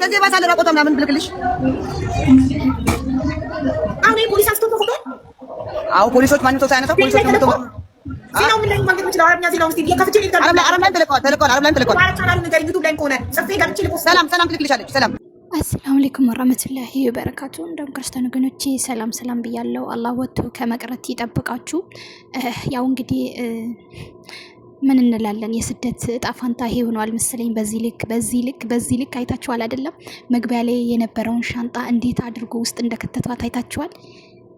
ከዚህ ባሰ ልራቆቷ ምናምን ብልክልሽ። አሁን ፖሊስ አስቶ አሁ ፖሊሶች ማንም ሰው ሳያነሳ ፖሊሶች ሰላም ሰላም ትልክልሻለች። ሰላም አሰላሙ አለይኩም ወራህመቱላሂ ወበረካቱ። እንደም ክርስቲያን ወገኖቼ ሰላም ሰላም ብያለሁ። አላህ ወጥቶ ከመቅረት ይጠብቃችሁ። ያው እንግዲህ ምን እንላለን የስደት እጣ ፋንታ ይሄ ሆኗል መሰለኝ። በዚህ ልክ በዚህ ልክ በዚህ ልክ አይታችኋል አይደለም? መግቢያ ላይ የነበረውን ሻንጣ እንዴት አድርጎ ውስጥ እንደከተቷት አይታችኋል።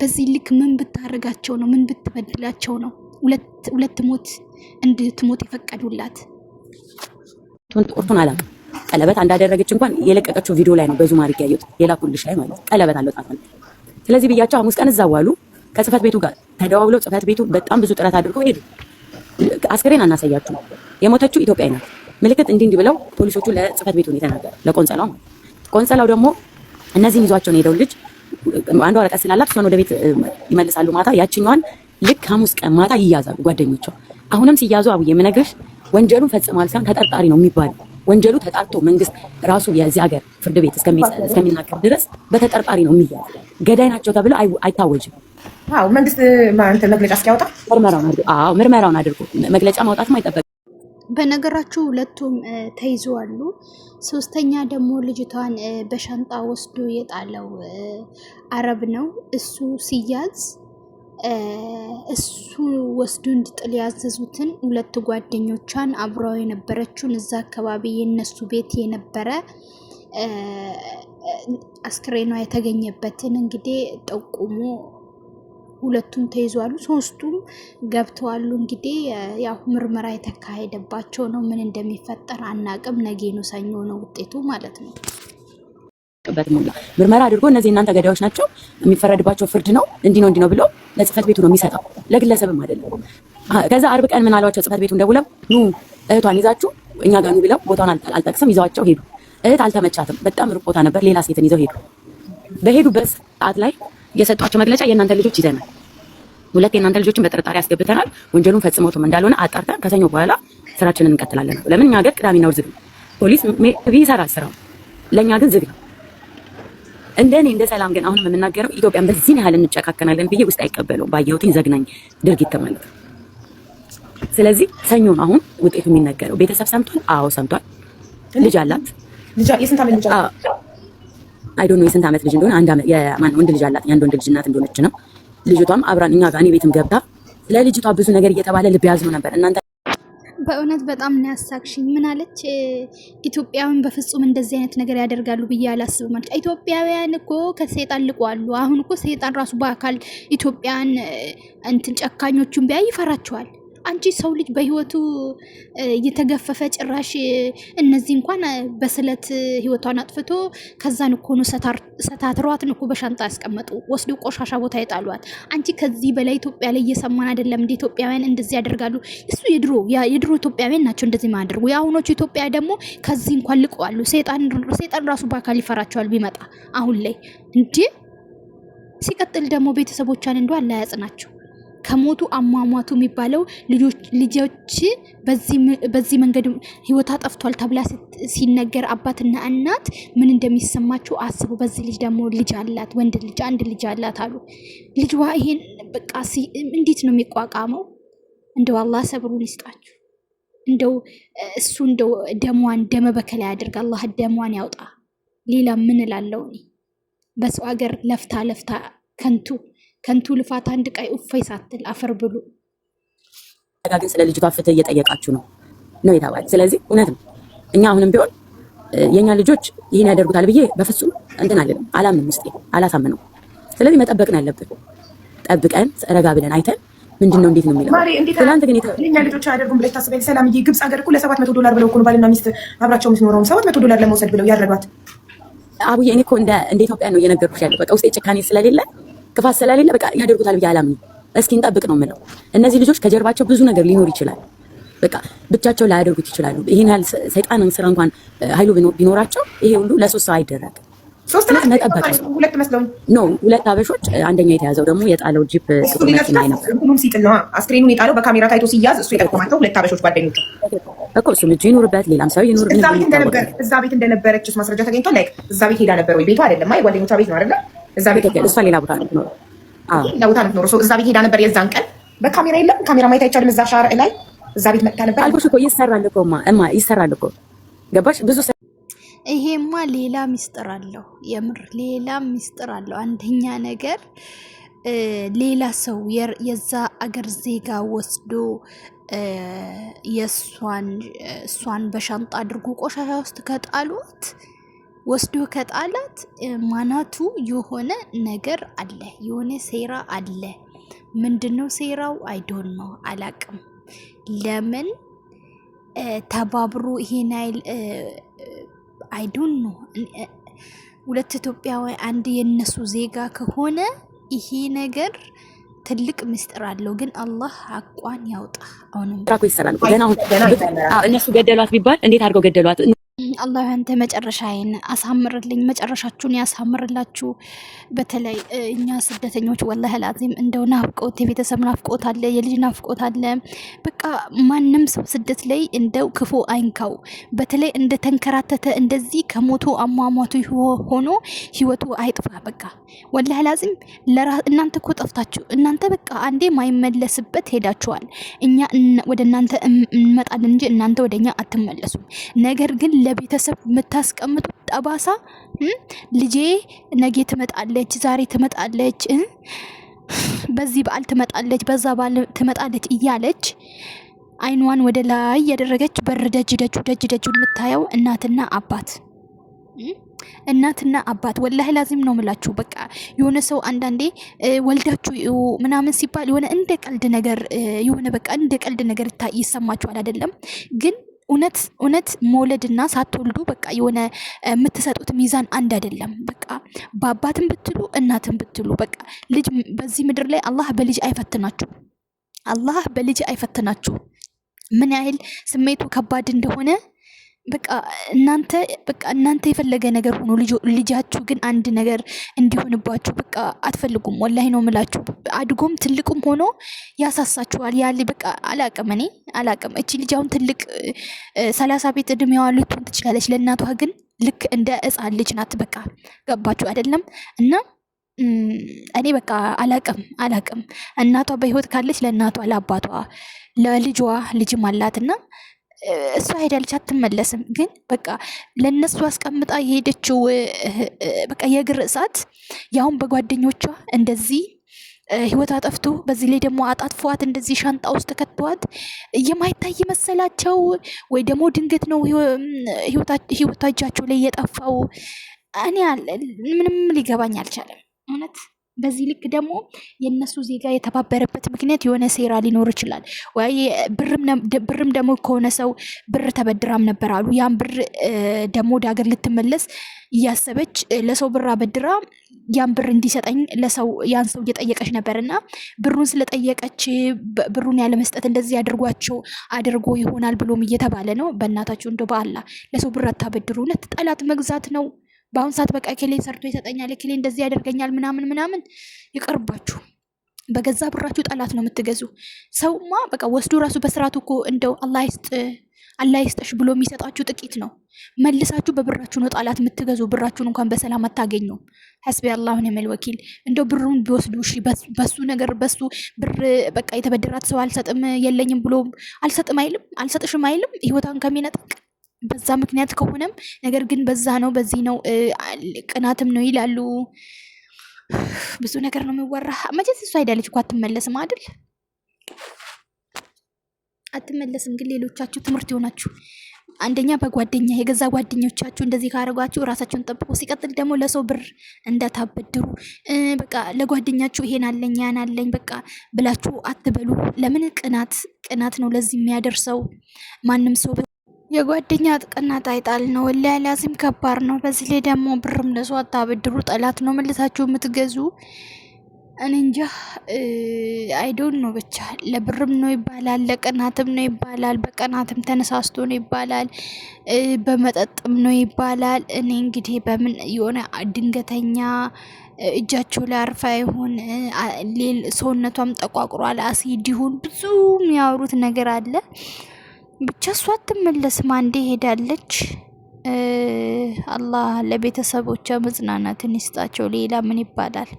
በዚህ ልክ ምን ብታረጋቸው ነው? ምን ብትበድላቸው ነው? ሁለት ሁለት ሞት እንድትሞት የፈቀዱላት ቱን ቁርቱን አላውቅም ቀለበት እንዳደረገች እንኳን የለቀቀችው ቪዲዮ ላይ ነው በዙም አድርጌ ያየሁት የላኩልሽ ላይ ማለት ቀለበት አለው ጣፋ። ስለዚህ ብያቸው ሐሙስ ቀን እዛው ዋሉ። ከጽህፈት ቤቱ ጋር ተደዋውለው ጽህፈት ቤቱ በጣም ብዙ ጥረት አድርገው ሄዱ። አስክሬን አናሳያችሁ የሞተችው ኢትዮጵያዊ ናት ምልክት እንዲህ እንዲህ ብለው ፖሊሶቹ ለጽህፈት ቤቱ ነው የተናገረ ለቆንጸላው ቆንጸላው ደግሞ እነዚህን ይዟቸው ነው ሄደው ልጅ አንዷ ወረቀት ስላላት እሷን ወደ ቤት ይመልሳሉ። ማታ ያችኛዋን ልክ ሐሙስ ቀን ማታ ይያዛሉ ጓደኞቿ። አሁንም ሲያዙ አብዬ የምነግርሽ ወንጀሉን ፈጽሟል ሳይሆን ተጠርጣሪ ነው የሚባለው ወንጀሉ ተጣርቶ መንግስት ራሱ የዚህ ሀገር ፍርድ ቤት እስከሚናገር ድረስ በተጠርጣሪ ነው የሚያዝ። ገዳይ ናቸው ተብሎ አይታወጅም። አዎ መንግስት መግለጫ እስኪያወጣ ምርመራውን አድርጎ መግለጫ ማውጣትም አይጠበቅም። በነገራችሁ ሁለቱም ተይዘዋሉ። ሶስተኛ ደግሞ ልጅቷን በሻንጣ ወስዶ የጣለው አረብ ነው። እሱ ሲያዝ እሱ ወስዶ እንዲጥል ያዘዙትን ሁለት ጓደኞቿን አብረው የነበረችውን እዛ አካባቢ የነሱ ቤት የነበረ አስክሬኗ የተገኘበትን እንግዲህ ጠቁሞ ሁለቱም ተይዟሉ፣ ሶስቱም ገብተዋሉ። እንግዲህ ያው ምርመራ የተካሄደባቸው ነው። ምን እንደሚፈጠር አናቅም። ነጌ ነው ሰኞ ነው ውጤቱ ማለት ነው። የሚጠበቅበት ሁላ ምርመራ አድርጎ እነዚህ እናንተ ገዳዮች ናቸው፣ የሚፈረድባቸው ፍርድ ነው፣ እንዲህ ነው እንዲህ ነው ብሎ ለጽህፈት ቤቱ ነው የሚሰጠው፣ ለግለሰብም አይደለም። ከዛ አርብ ቀን ምን አሏቸው? ጽህፈት ቤቱን ደውለው ኑ እህቷን ይዛችሁ እኛ ጋር ኑ ብለው ቦታውን አልጠቅስም ይዘዋቸው ሄዱ። እህት አልተመቻትም። በጣም ሩቅ ቦታ ነበር። ሌላ ሴትን ይዘው ሄዱ። በሄዱበት ሰዓት ላይ የሰጧቸው መግለጫ የእናንተ ልጆች ይዘናል፣ ሁለት የእናንተ ልጆችን በጥርጣሬ አስገብተናል። ወንጀሉን ፈጽመውትም እንዳልሆነ አጣርተን ከሰኞ በኋላ ስራችንን እንቀጥላለን። ለምን እኛ ሀገር ቅዳሜና እሑድ ዝግ ፖሊስ ቢ ስራው፣ ለእኛ ግን ዝግ ነው። እንደኔ እንደ ሰላም ግን አሁንም የምናገረው ኢትዮጵያን በዚህን ያህል እንጨካከናለን ብዬ ውስጥ አይቀበለውም። ባየሁትኝ ዘግናኝ ድርጊት ተመልክ። ስለዚህ ሰኞን አሁን ውጤቱ የሚነገረው ቤተሰብ ሰምቷል። አዎ ሰምቷል። ልጅ አላት። የስንት ዓመት ልጅ አላት? አይ ዶንት ኖ የስንት ዓመት ልጅ እንደሆነ አንድ ዓመት የማን ወንድ ልጅ አላት። የአንድ ወንድ ልጅ እናት እንደሆነች ነው። ልጅቷም አብራን እኛ ጋር እኔ ቤትም ገብታ ለልጅቷ ብዙ ነገር እየተባለ ልብ ያዝኖ ነበር እናንተ በእውነት በጣም ነው ያሳቅሽኝ። ምን አለች ኢትዮጵያውያን በፍጹም እንደዚህ አይነት ነገር ያደርጋሉ ብዬ አላስብም አለች። ኢትዮጵያውያን እኮ ከሰይጣን ልቀዋሉ። አሁን እኮ ሰይጣን ራሱ በአካል ኢትዮጵያን እንትን ጨካኞቹን ቢያይ ይፈራቸዋል። አንቺ ሰው ልጅ በህይወቱ እየተገፈፈ ጭራሽ እነዚህ እንኳን በስለት ህይወቷን አጥፍቶ ከዛን እኮ ነው ሰታትሯትን እኮ በሻንጣ ያስቀመጡ ወስዶ ቆሻሻ ቦታ የጣሏት። አንቺ ከዚህ በላይ ኢትዮጵያ ላይ እየሰማን አይደለም እንደ ኢትዮጵያውያን እንደዚህ ያደርጋሉ። እሱ የድሮ የድሮ ኢትዮጵያውያን ናቸው እንደዚህ ማደርጉ የአሁኖቹ ኢትዮጵያ ደግሞ ከዚህ እንኳን ልቀዋሉ። ሴጣን ራሱ በአካል ይፈራቸዋል ቢመጣ አሁን ላይ እንዴ። ሲቀጥል ደግሞ ቤተሰቦቿን እንዶ ናቸው። ከሞቱ አሟሟቱ የሚባለው ልጆች በዚህ መንገድ ህይወታ ጠፍቷል ተብላ ሲነገር አባትና እናት ምን እንደሚሰማቸው አስቡ። በዚህ ልጅ ደግሞ ልጅ አላት፣ ወንድ ልጅ አንድ ልጅ አላት አሉ። ልጅዋ ይሄን በቃ እንዴት ነው የሚቋቋመው? እንደው አላህ ሰብሩን ይስጣችሁ። እንደው እሱ እንደው ደሟን ደመ በከላ ያደርግ፣ አላህ ደሟን ያውጣ። ሌላ ምን እላለሁ እኔ በሰው ሀገር ለፍታ ለፍታ ከንቱ ከንቱ ልፋት አንድ ቀይ እፎይ ሳትል አፈር ብሉ። ግን ስለ ልጅቷ ፍትህ እየጠየቃችሁ ነው ነው የተባለ። ስለዚህ እውነት ነው። እኛ አሁንም ቢሆን የእኛ ልጆች ይህን ያደርጉታል ብዬ በፍጹም እንትን አለም አላምንም፣ ውስጤ አላሳምነው። ስለዚህ መጠበቅ ነው ያለብን። ጠብቀን ረጋ ብለን አይተን ምንድን ነው እንዴት ነው የሚለው። ትናንት ግን የእኛ ልጆች አያደርጉም ብለሽ ታስበኝ። ሰላምዬ ግብፅ ሀገር እኮ ለሰባት መቶ ዶላር ብለው እኮ ባልና ሚስት አብራቸው የምትኖረውም ሰባት መቶ ዶላር ለመውሰድ ብለው ያረዷት። አቡዬ እኔ እኮ እንደ ኢትዮጵያ ነው እየነገርኩሽ ያለው። በቃ ውስጤ ጭካኔ ስለሌለ ክፋት ስለሌለ በቃ ያደርጉታል ብዬ አላምንም። እስኪ እንጠብቅ ነው የምለው። እነዚህ ልጆች ከጀርባቸው ብዙ ነገር ሊኖር ይችላል። በቃ ብቻቸው ላያደርጉት ይችላሉ። ይህን ያህል ሰይጣንን ስራ እንኳን ኃይሉ ቢኖራቸው ይሄ ሁሉ ለሶስት ሰው አይደረግም። ሶስትመጠበቅነው ሁለት አበሾች፣ አንደኛ የተያዘው ደግሞ የጣለው ጂፕ ጥቁር መኪና ነበር። አስክሬኑን የጣለው በካሜራ ታይቶ ሲያዝ እሱ የጠቁማቸው ሁለት አበሾች ጓደኞቹ እኮ እሱም እጁ ይኑርበት ሌላም ሰው ይኑር። እዛ ቤት እንደነበረች ማስረጃ ተገኝቷል። እዛ ቤት ሄዳ ነበር ወይ? ቤቷ አይደለም አይ ጓደኞቿ ቤት ነው አይደለም እዛ ቤት እሷ ሌላ ቦታ ነው እዛ ቤት ሄዳ ነበር። የዛን ቀን በካሜራ የለም ካሜራ ማየት አይቻልም። እዛ ሻርዕ ላይ እዛ ቤት መጥታ ነበር። አልኩሽ እኮ ይሰራል እኮ እማ ይሰራል እኮ ገባሽ? ብዙ ይሄማ ሌላ ሚስጥር አለው። የምር ሌላ ሚስጥር አለው። አንደኛ ነገር ሌላ ሰው የዛ አገር ዜጋ ወስዶ የእሷን እሷን በሻንጣ አድርጎ ቆሻሻ ውስጥ ከጣሉት ወስዶ ከጣላት ማናቱ የሆነ ነገር አለ፣ የሆነ ሴራ አለ። ምንድን ነው ሴራው? አይዶን ነው አላቅም። ለምን ተባብሮ ይሄን አይል አይዶን ነው። ሁለት ኢትዮጵያዊ አንድ የነሱ ዜጋ ከሆነ ይሄ ነገር ትልቅ ምስጢር አለው። ግን አላህ አቋን ያውጣ። አሁንም ይሰራል። ገና እነሱ ገደሏት ቢባል እንዴት አድርገው ገደሏት? አላህ አንተ መጨረሻዬን አሳምርልኝ፣ መጨረሻችሁን ያሳምርላችሁ። በተለይ እኛ ስደተኞች ወላ ላዚም እንደው ናፍቆት፣ የቤተሰብ ናፍቆት አለ፣ የልጅ ናፍቆት አለ። በቃ ማንም ሰው ስደት ላይ እንደው ክፉ አይንካው። በተለይ እንደተንከራተተ እንደዚህ ከሞቶ አሟሟቱ ሆኖ ህይወቱ አይጥፋ። በቃ ወላ ላዚም እናንተ እኮ ጠፍታችሁ እናንተ በቃ አንዴ ማይመለስበት ሄዳችኋል። እኛ ወደ እናንተ እንመጣለን እንጂ እናንተ ወደ እኛ አትመለሱም። ነገር ግን ለቤ ቤተሰብ የምታስቀምጡ ጠባሳ ልጄ ነጌ ትመጣለች፣ ዛሬ ትመጣለች፣ በዚህ በዓል ትመጣለች፣ በዛ በዓል ትመጣለች እያለች አይኗን ወደ ላይ ያደረገች በር ደጅ ደጁ ደጅ ደጁ የምታየው እናትና አባት እናትና አባት ወላሂ ላዚም ነው ምላችሁ። በቃ የሆነ ሰው አንዳንዴ ወልዳችሁ ምናምን ሲባል የሆነ እንደ ቀልድ ነገር የሆነ በቃ እንደ ቀልድ ነገር ይሰማችኋል አይደለም? ግን እውነት እውነት መውለድና ሳትወልዱ በቃ የሆነ የምትሰጡት ሚዛን አንድ አይደለም። በቃ በአባትም ብትሉ እናትም ብትሉ በቃ ልጅ በዚህ ምድር ላይ አላህ በልጅ አይፈትናችሁ። አላህ በልጅ አይፈትናችሁ። ምን ያህል ስሜቱ ከባድ እንደሆነ በቃ እናንተ በቃ እናንተ የፈለገ ነገር ሆኖ ልጃችሁ ግን አንድ ነገር እንዲሆንባችሁ በቃ አትፈልጉም። ወላሂ ነው ምላችሁ። አድጎም ትልቁም ሆኖ ያሳሳችኋል። ያለ በቃ አላቅም እኔ አላቅም። እቺ ልጅ አሁን ትልቅ ሰላሳ ቤት እድሜዋ ልትሆን ትችላለች። ለእናቷ ግን ልክ እንደ ሕፃን ልጅ ናት። በቃ ገባችሁ አይደለም? እና እኔ በቃ አላቅም አላቅም። እናቷ በህይወት ካለች ለእናቷ ለአባቷ ለልጇ ልጅም አላትና እሷ ሄዳለች አትመለስም። ግን በቃ ለእነሱ አስቀምጣ የሄደችው በቃ የእግር እሳት ያሁን በጓደኞቿ እንደዚህ ህይወት አጠፍቶ በዚህ ላይ ደግሞ አጣጥፏት እንደዚህ ሻንጣ ውስጥ ከተዋት የማይታይ መሰላቸው ወይ ደግሞ ድንገት ነው እጃቸው ላይ የጠፋው። እኔ ምንም ሊገባኝ አልቻለም እውነት በዚህ ልክ ደግሞ የእነሱ ዜጋ የተባበረበት ምክንያት የሆነ ሴራ ሊኖር ይችላል። ብርም ደግሞ ከሆነ ሰው ብር ተበድራም ነበር አሉ። ያን ብር ደግሞ ወደ ሀገር ልትመለስ እያሰበች ለሰው ብር አበድራ ያን ብር እንዲሰጠኝ ለሰው ያን ሰው እየጠየቀች ነበር እና ብሩን ስለጠየቀች ብሩን ያለመስጠት እንደዚህ አድርጓቸው አድርጎ ይሆናል ብሎም እየተባለ ነው። በእናታችሁ እንደ በአላ ለሰው ብር አታበድሩ። እውነት ጠላት መግዛት ነው። በአሁን ሰዓት በቃ ኬሌ ሰርቶ ይሰጠኛል፣ ኬሌ እንደዚህ ያደርገኛል ምናምን ምናምን ይቀርባችሁ። በገዛ ብራችሁ ጠላት ነው የምትገዙ። ሰውማ በቃ ወስዶ ራሱ በስርዓቱ እኮ እንደው አላህ ይስጥ አላህ ይስጠሽ ብሎ የሚሰጣችሁ ጥቂት ነው። መልሳችሁ በብራችሁ ነው ጠላት የምትገዙ። ብራችሁን እንኳን በሰላም አታገኙም። ሐስቢ አላሁ ኒዕመል ወኪል። እንደው ብሩን ቢወስዱ እሺ፣ በሱ ነገር በሱ ብር በቃ የተበደራት ሰው አልሰጥም የለኝም ብሎ አልሰጥም አይልም፣ አልሰጥሽም አይልም ህይወታን ከሚነጥቅ በዛ ምክንያት ከሆነም ነገር ግን በዛ ነው በዚህ ነው ቅናትም ነው ይላሉ። ብዙ ነገር ነው የሚወራ። መቼስ እሱ አይዳለች እኮ አትመለስም አይደል? አትመለስም። ግን ሌሎቻችሁ ትምህርት ይሆናችሁ። አንደኛ በጓደኛ የገዛ ጓደኞቻችሁ እንደዚህ ካደረጓችሁ ራሳችሁን ጠብቁ። ሲቀጥል ደግሞ ለሰው ብር እንዳታበድሩ። በቃ ለጓደኛችሁ ይሄን አለኝ ያን አለኝ በቃ ብላችሁ አትበሉ። ለምን ቅናት ቅናት ነው ለዚህ የሚያደርሰው ማንም ሰው የጓደኛ ጥቅና ጣይጣል ነው። ወላሂ ላዚም ከባድ ነው። በዚህ ላይ ደግሞ ብርም ለሱ አታበድሩ። ጠላት ነው መልሳችሁ የምትገዙ። እኔ እንጃ አይዶን ነው ብቻ። ለብርም ነው ይባላል፣ ለቅናትም ነው ይባላል፣ በቅናትም ተነሳስቶ ነው ይባላል፣ በመጠጥም ነው ይባላል። እኔ እንግዲህ በምን የሆነ ድንገተኛ እጃቸው ላይ አርፋ ይሁን ሰውነቷም ጠቋቁሯል፣ አሲድ ይሁን ብዙ የሚያወሩት ነገር አለ። ብቻ እሷ አትመለስም። አንዴ ሄዳለች። አላህ ለቤተሰቦቿ መጽናናትን ይስጣቸው። ሌላ ምን ይባላል?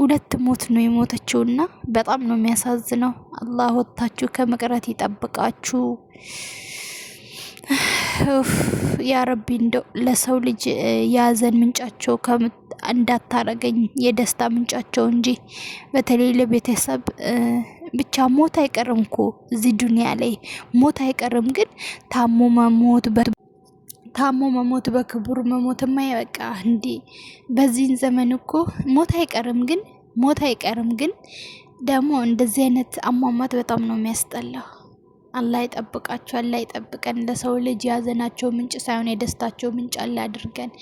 ሁለት ሞት ነው የሞተችውና በጣም ነው የሚያሳዝነው። አላህ ወጥታችሁ ከመቅረት ይጠብቃችሁ። ያ ረቢ እንደው ለሰው ልጅ የሀዘን ምንጫቸው እንዳታረገኝ የደስታ ምንጫቸው እንጂ በተለይ ለቤተሰብ ብቻ ሞት አይቀርም እኮ እዚህ ዱኒያ ላይ ሞት አይቀርም፣ ግን ታሞ መሞት ታሞ መሞት በክቡር መሞት በቃ እንዴ! በዚህን ዘመን እኮ ሞት አይቀርም፣ ግን ሞት አይቀርም፣ ግን ደግሞ እንደዚህ አይነት አሟሟት በጣም ነው የሚያስጠላ። አላህ ይጠብቃቸው፣ አላህ ይጠብቀን። ለሰው ልጅ ያዘናቸው ምንጭ ሳይሆን የደስታቸው ምንጭ አላ አድርገን።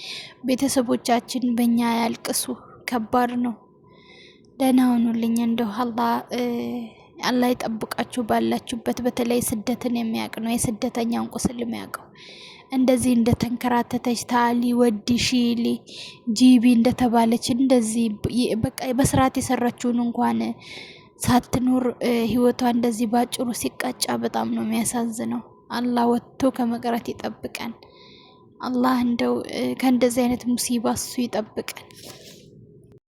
ቤተሰቦቻችን በእኛ ያልቅሱ። ከባድ ነው። ደህና ሁኑልኝ እንደው አላህ አላህ ይጠብቃችሁ ባላችሁበት። በተለይ ስደትን የሚያውቅ ነው የስደተኛውን ቁስል የሚያውቀው። እንደዚህ እንደተንከራተተች ታሊ ወዲ ሺሊ ጂቢ እንደተባለች እንደዚህ በቃ በስርዓት የሰራችውን እንኳን ሳትኖር ህይወቷ እንደዚህ ባጭሩ ሲቃጫ በጣም ነው የሚያሳዝነው። አላህ ወጥቶ ከመቅረት ይጠብቀን። አላህ እንደው ከእንደዚህ አይነት ሙሲባ እሱ ይጠብቀን።